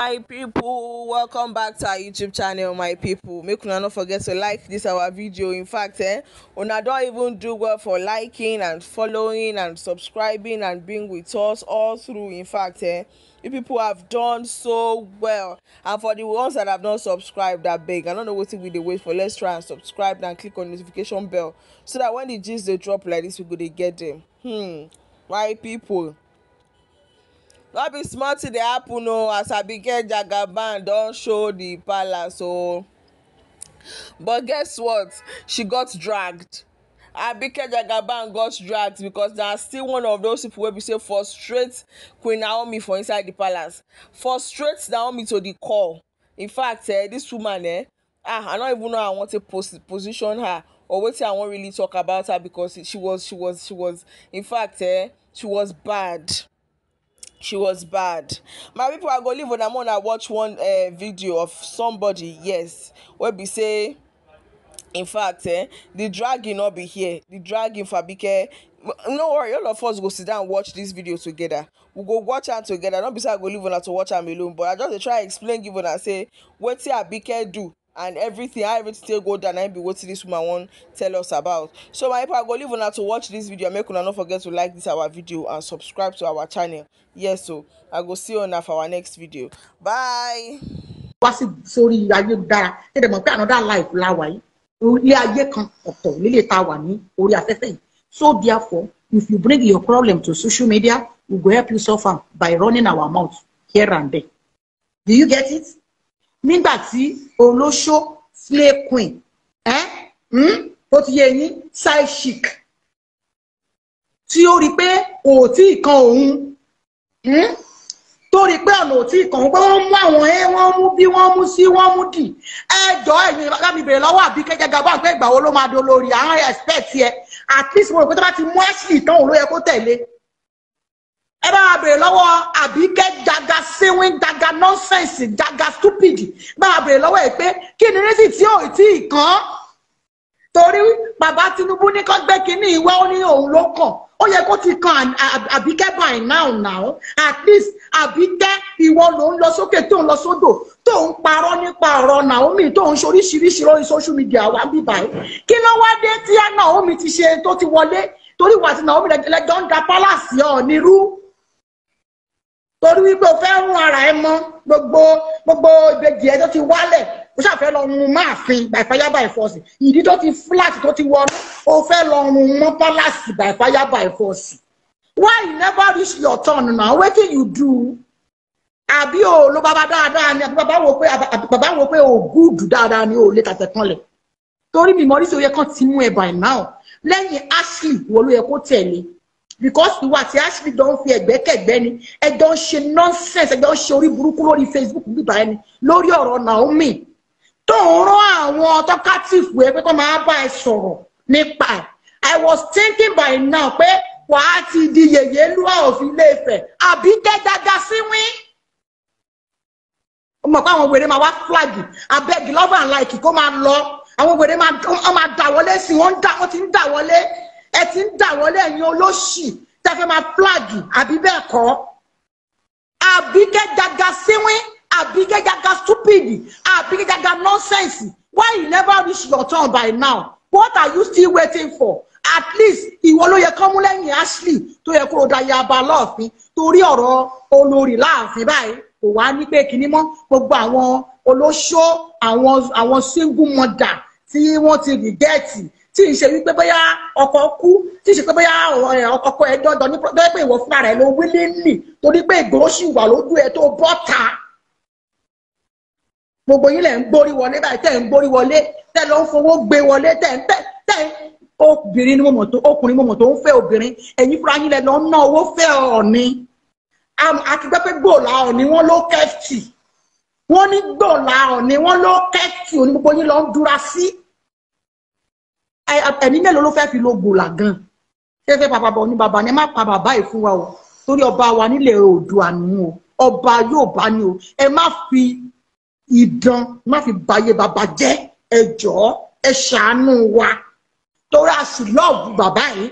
my people welcome back to our youtube channel my people make una no forget to like this our video in fact eh una don even do well for liking and following and subscribing and being with us all through in fact eh you people have done so well and for the ones that have not subscribed that beg, i don't know what we dey wait for let's try and subscribe and click on notification bell so that when the gist dey drop like this we go dey get them hmm my people no be small tin dey happen o oh. as abigail jagaban don show di palace o oh. but guess what she got dragged abike jagaban got dragged because na still one of those people wey be say frustrate queen naomi for inside the palace frustrate naomi to the core in fact eh, this woman eh, ah i no even know how i wan take pos position her or wetin i wan really talk about her because she was she was she was in fact eh, she was bad she was bad my people i go leave una more na watch one uh, video of somebody yes wey be say in fact eh, the dragging no be here the dragging fabike no worry all of us go sit down watch this video together we go watch am together no be say i go leave una to watch am alone but i just dey try explain give una say wetin abike do and everything how everything take go down na be wetin this woman wan tell us about so my people i go leave una to watch this video make una no forget to like this our video and subscribe to our channel yes so i go see una for our next video bye. wá sí sórí ayélujára ṣé dẹ̀ mọ̀ pé another life la wà yìí ilé ayé kan ọ̀tọ̀ lílé tá a wà ní orí afẹ́fẹ́ yìí so therefore if you bring your problem to social media we go help you solve am by running our mouth here and there do you get it nígbà tí olóṣó slay queen ẹ́ hmm? ó ti yẹ yín side chic tí ó rí i pé kò tí ì kan òun hmm? tó rí i pé ọ̀nà ò tí ì kàn wọ́n pé wọ́n mú àwọn ẹ wọ́n mú bí wọ́n mú sí wọ́n mú dì ẹjọ́ ẹ̀yìn bàbá mi bèrè lọ́wọ́ àbí kẹ́kẹ́ gàbá pé ìgbà wo ló máa dolórí àwọn expect yẹ at least mo rò pé tó bá ti mú àṣì ìtàn òun ló yẹ kó tẹ̀lé béèrè lọ́wọ́ àbíkẹ́ jaga sewin jaga nọ́nsẹ̀nsì jaga stupid máa béèrè lọ́wọ́ ẹ̀ pé kí ni rísì tí ò tí ì kàn án torí bàbá Tinubu ní kó gbé kínní ìwé ó ní òun ló kàn ó yẹ kó ti kan àbíkẹ́ by now now at least àbíkẹ́ ìwọ ló ń lọ sókè tó ń lọ sódò tó ń parọ́ nípa ọ̀rọ̀ Naomi tó ń ṣoríṣiríṣi lórí social media wa bíbáyé kí ló wá dé tí Naomi ti ṣe tó ti wọlé torí wàtí Naomi lẹjọ ń da palace ọ nírú torí wípé o fẹ́ rún ara ẹ mọ́ gbogbo gbogbo ìbejì ẹ tó ti wálẹ̀ o ṣàfẹ́ lọ run máàfin by fire by force ìdí tó ti flat tó ti wọnú o fẹ́ lọ run mọ́ pálásì by fire by force why you never reach your turn na wetin you do àbí o ló bàbá dáadáa ni àbí bàbá wo pé bàbá wo pé o gúùdù dáadáa ni o lè tàtẹ̀ kanlẹ̀ torí mi mọ̀ orí sí oyè kan ti mú ẹ by now lẹ́yìn Ashley wo ló yẹ kó tẹ̀lé because ìwà àti ashley don fi ẹ̀gbẹ́kẹ̀gbẹ́ ni ẹjọ́ ń ṣe nonsense ẹjọ́ ń ṣe orí burúkú lórí facebook bíbá ẹni lórí ọ̀rọ̀ naomi tó ń rán àwọn talkative ẹ pé kó máa bá ẹ sọ̀rọ̀ nípa ẹ̀ i was thinking by now pé wàá ti di yèyé lúwà òfin ilé Ifẹ̀ àbí tẹ́ dáadáa sí wín ó mọ̀ pé àwọn wèrè máa wá flag abẹ́gi lọ́bà ńlá ìkì kó máa lọ àwọn wèrè máa dà wọlé sí wọ́n ti ń dà wọlé ẹ ti ń dà wọlé ẹ̀yin olóṣì tẹ́fẹ́ máa flagi àbí bẹ́ẹ̀ kọ́ àbí kẹ́jaga síwín àbí kẹ́jaga stupidi àbí kẹ́jaga nọ́sẹ̀nsì why you never reach your turn by now what are you still waiting for at least ìwọ ló yẹ kán mú lẹ́yìn Ashley tó yẹ kó o da yaba lọ́ọ̀fin torí ọ̀rọ̀ olórí láàfin báyìí kò wá ní pé kinní mọ́ gbogbo àwọn olóṣó àwọn àwọn single mother tí wọ́n ti rìgẹ́ẹ̀tì tí ì ṣe wípé bóyá ọkọ kú tí ì ṣe pé bóyá eh, ọkọ ẹ dọdọ ní pé pé ìwọ fúnra rẹ ló wílé nì torí pé ìgboro sì wà lójú ẹ tó bọ́ta gbogbo yín lẹ̀ ń gbórí wọlé báyìí tẹ̀ ń gbórí wọlé tẹ̀ ló ń fowó gbé wọlé tẹ̀ ń tẹ̀ tẹ̀ obìnrin ni mo mọ̀ tó ọkùnrin mo mọ̀ tó ń fẹ́ obìnrin ẹ̀yin fúnra yín lẹ̀ lọ́ ná owó fẹ́ ọ̀ọ́ni àti pẹ́pẹ́ gbòòlà ọ̀ọ́ni wọ́n ló kẹ́fì wọ́n ní gbòòlà ọ̀ọ́ni wọ́n ló kẹ́fì òní gbogbo yín lọ́ ń dúra sí ẹ̀mí mélòó ló fẹ́ fi lo gbòòlà gan fẹ́fẹ́ pàpà bọ̀ ní bàbá ni ẹ má pa bàbá yìí fún wa o torí ọba wa nílẹ̀ oòdùà nù o ọba yóò bá ní o ẹ má fi ìdán má fi bàyè bàbá jẹ́ ẹ jọ̀ọ́ ẹ ṣàánú wa torí a sì lọ́ọ̀bù bàbá yìí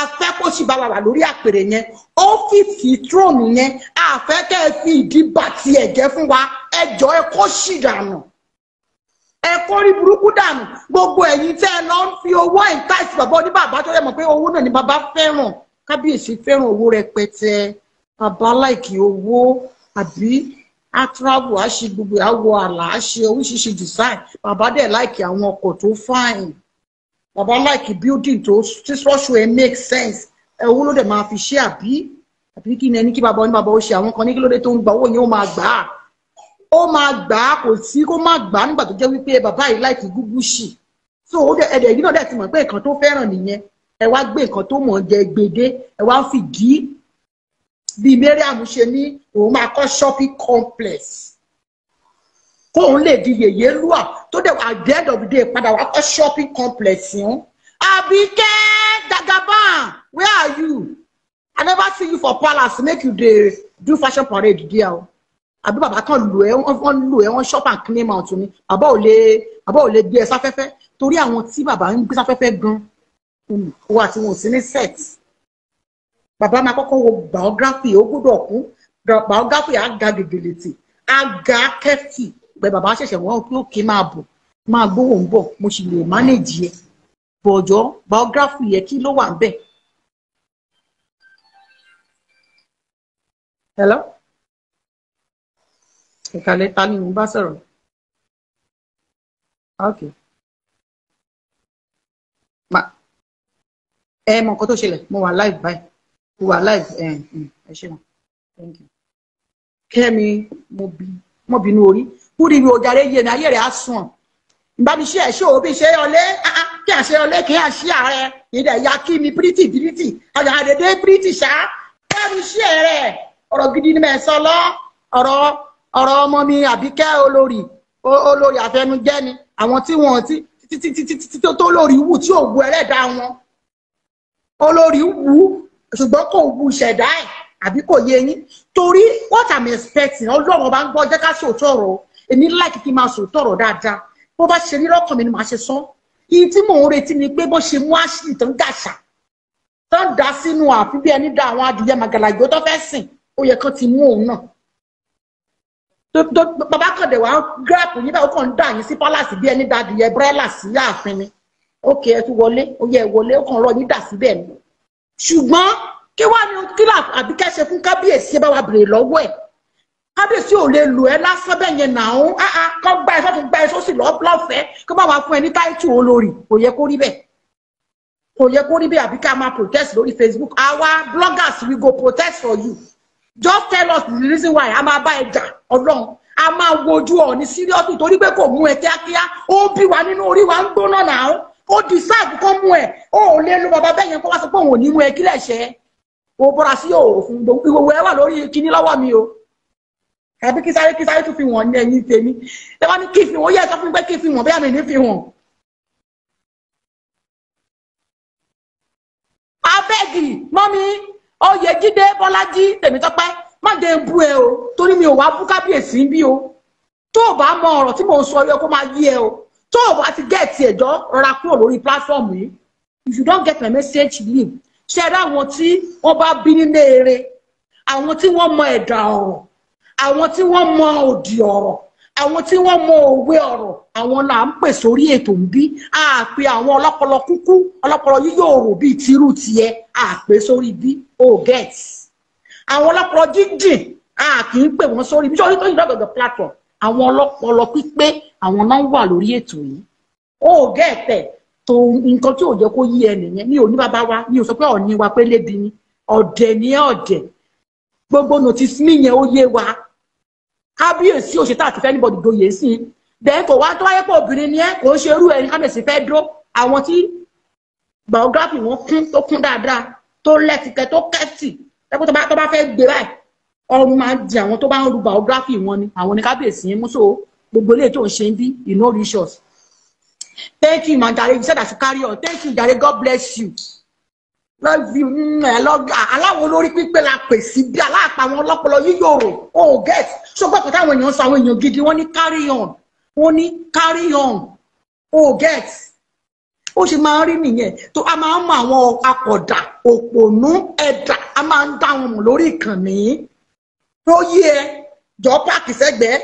a fẹ́ kó sì bá wa wà lórí àpèrè yẹn ó fìfì tróònù yẹn a kẹ́ ẹ fi ìdí bàtì ẹ̀jẹ̀ fún wa ẹ jọ̀ọ́ ẹ kó sì dànù ẹ kórí burúkú dànù gbogbo ẹ̀yin tẹ́ ẹ lọ ń fi owó ìtàsí bàbá oníbàbá tó yẹ mọ̀ pé owó náà ni bàbá fẹ́ràn kábíyèsí fẹ́ràn owó rẹpẹtẹ bàbá láìkì owó àbí atravel á ṣe gbogbo àwọ àlà á ṣe oríṣiríṣi design bàbá dẹ̀ láìkì àwọn ọkọ̀ tó fine bàbá láìkì building tó tí structure ẹ make sense ẹ owó ló dẹ̀ máa fi ṣe àbí àbí kí ni ẹni kí bàbá oníbàbá ó ṣe àwọn kan ní kí ló dé tó ń gbà owó yẹn ó máa gbà á ó máa gbà á kò sí kó má gbà á nígbà tó jẹ́ wípé bàbá yìí láìkí gúgú sì so ẹ̀dẹ̀ yìí náà dẹ̀ ti mọ̀ pé nǹkan tó fẹ́ràn nìyẹn ẹ wá gbé nǹkan tó mọ̀ jẹ gbèdé ẹ wá fìdí bíi mariam ṣe ní òun máa kọ́ shopping complex kóun lè di yèyé lúà tó dẹ̀ at the end of the day padà wá kọ́ shopping complex yẹn Àbíkẹ́ Dagaban where are you I never see you for palace make you dey do fashion parade there o àbí bàbá kan lù ẹ́ wọ́n lù ẹ́ wọ́n shop and claim out ni bàbá ò lè bàbá ò lè gbé ẹ sáfẹ́fẹ́ torí àwọn tí bàbá ń gbé sáfẹ́fẹ́ gan um, olùkọ́ àti wọn ò sí ní set bàbá máa kọ́kọ́ wo biography ó gbọ́dọ̀ kú biography á ga gègèlètì á ga kẹ́fì pé bàbá ṣẹ̀ṣẹ̀ wọ́n kí ó kí máa bọ̀ máa gbówó ń bọ̀ mo sì lè manage ẹ bọ̀jọ́ biography yẹ kí ló wà ń bẹ̀. hello ìkàlẹ̀ ta ni mò ń bá sọ̀rọ̀ ok ma ẹ mọ nǹkan tó ṣẹlẹ̀ mo wà live báyìí mo wà live ẹ ẹ ṣe wọn thank you kẹ́mi mo bínú orí kúrì mi ò jàre yé mi ayé rẹ̀ á sùn ìbá mi ṣe ẹ̀ ṣe òbí ṣe ọlé ah, ah, kí àṣẹ ọlé kí àṣẹ ààrẹ ìdẹ̀ ya kí mi pírítì pírítì àjà àdèdè pírítì ṣá kẹ́mi ṣe rẹ̀ ọ̀rọ̀ gidi ni mẹ́ sọ lọ ọ̀rọ̀ ọ̀rọ̀ ọmọ mi àbíkẹ́ olórí olórí àfẹnujẹ́ ni àwọn tí wọ́n ti títí tó lórí wù tí ò wu ẹlẹ́dà wọn olórí wù ṣùgbọ́n kò wu ṣẹ̀dá ẹ̀ àbí kò yé yín torí what i'm expecting ọlọ́run ọba ń gbọ́ jẹ́ ká sòótọ́ ọ̀rọ̀ èmi láìkí kí n máa sòótọ́ ọ̀rọ̀ dáadáa bó bá ṣe rí lọ́kàn mi ni màá ṣe sọ iye tí mò ń retí ni pé bó ṣe mú ashley tó ń gàṣà tó ń dá sínú àfi bí ẹni dá àwọn adìyẹ màgàlàgbé tó fẹ́ sìn ó yẹ kán ti mú òun náà bàbá kọ̀dẹ̀ wà wa. Grab yín báyìí ó kàn ń dà yín palace, pálásì bí ẹni dàdí yẹ bírẹ́là sí ààfin ni ókè ẹ tún wọlé ó yẹ wọlé ó kàn rọ yín dà síbẹ̀ ni ṣùgbọ́n kí wàá ní kílà àbí kẹ́sẹ̀ fún kábíyèsí bá wa bèrè lọ́wọ́ ẹ̀ kábíyèsí ò lè lò ẹ́ lásán bẹ́ẹ̀ yẹn nà ó áá ah, ah, kọ́ gba ẹ̀ sọ́tún gba ẹ̀ sọ́sì lọ́fẹ̀ẹ́ kó bá wa fún ẹ ní táìtù olórí kò yẹ kó rí bẹ́ẹ̀ kò yẹ kó rí bẹ́ẹ̀ àbí ká máa protest lórí Facebook Our bloggers we go protest for you just tell us the reason why a máa bá ẹ jà ọlọ́run a máa wojú ọ ní síríọ́sì torí pé kò mú ẹ kíákíá ó bí wa nínú orí wa ń gbóná náà ó decide kó mú ẹ ó ò lè lu bàbá bẹ́ẹ̀ yẹn kó wá sọ pé òun ò ní mú ẹ kílẹ̀ ṣe ó bọ́ra sí òfin gbogbo ẹ wà lórí kinní lọ́wọ́ mi o àbí kí sáré kí sáré tún fi wọ̀n ní ẹ̀yìn tèmi ẹ wá ní kí fi wọ́n yẹ sọ fún pé kí fi wọ̀n bẹ́ẹ̀ mi fi wọ̀n. abẹ́gì mọ́mí Oyèjídé Bọ́lájí Tèmítọ́pẹ́ má dé bú ẹ o torí mi ò wá bú kábíyèsí bí o tó o bá mọ ọ̀rọ̀ tí mò ń sọ yẹ kó o tó o ti gẹ̀ẹ́tì ẹ̀jọ́ rọra kúrò lórí pílátọ́ọ̀mù yìí if you don't get my message leave ṣe rí àwọn tí wọ́n bá bí nílé eré àwọn tí wọ́n mọ ẹ̀dà ọ̀rọ̀ àwọn tí wọ́n mọ òdì àwọn tí wọ́n mọ òwe ọ̀rọ̀ àwọn là ń pè sórí ètò ń bí àpè àwọn ọlọ́pọlọ kúkú ọlọ́pọlọ yíyóò rò bíi tirú tiẹ̀ àpè sórí bí o get àwọn ọlọ́pọlọ jíjìn a kì í pè wọ́n sórí bí sórí tó yìí lọ́gọ̀dọ̀ platform àwọn ọlọ́pọlọ pípé àwọn náà wà lórí ètò yìí o get ẹ̀ tó nǹkan tí ò jẹ́ kó yí ẹ nìyẹn ní òní bàbá wa ní òsọ pé ọ̀ní wa pé lébi ni ọ̀dẹ̀ ni ọ̀dẹ̀ gbogbo notice mi yẹn ó yé wa kábíyèsí ò ṣe tá àti fẹ́ níbọ̀dì doyè sí i dẹ́n kò wá tó wáyé pé obìnrin ni ẹ kò ń ṣe irú ẹni kábíyèsí fẹ́ dúró àwọn tí biography wọn kún tó kún dáadáa tó lẹ́tìkẹ́ tó kẹ́tì lẹ́kọ́ tó bá fẹ́ gbé báyìí ọrùn máa di àwọn tó bá ń ru biography wọn ni àwọn ni kábíyèsí ń mú so gbogbo ilé tó ń ṣe ń bí you know rishos thank you madam you said i you carry on thank you jare god bless you lọ́ọ̀dì ẹ̀lọ́gà aláwọ̀ olórí pípẹ́ la pè sí bí aláàpá wọn ọlọ́pọlọ yíyòrò o get ṣùgbọ́n pẹ̀lú àwọn èèyàn sọ àwọn èèyàn gidi wọ́n ní carry on wọ́n ní carry on o get ó ṣe máa ń rí nìyẹn tó a máa ń mọ àwọn akọ̀dà òpònú ẹ̀dà a máa ń dá wọn mọ̀ lórí ìkànnì tó yẹ jọ páàkì sẹ́gbẹ̀ẹ́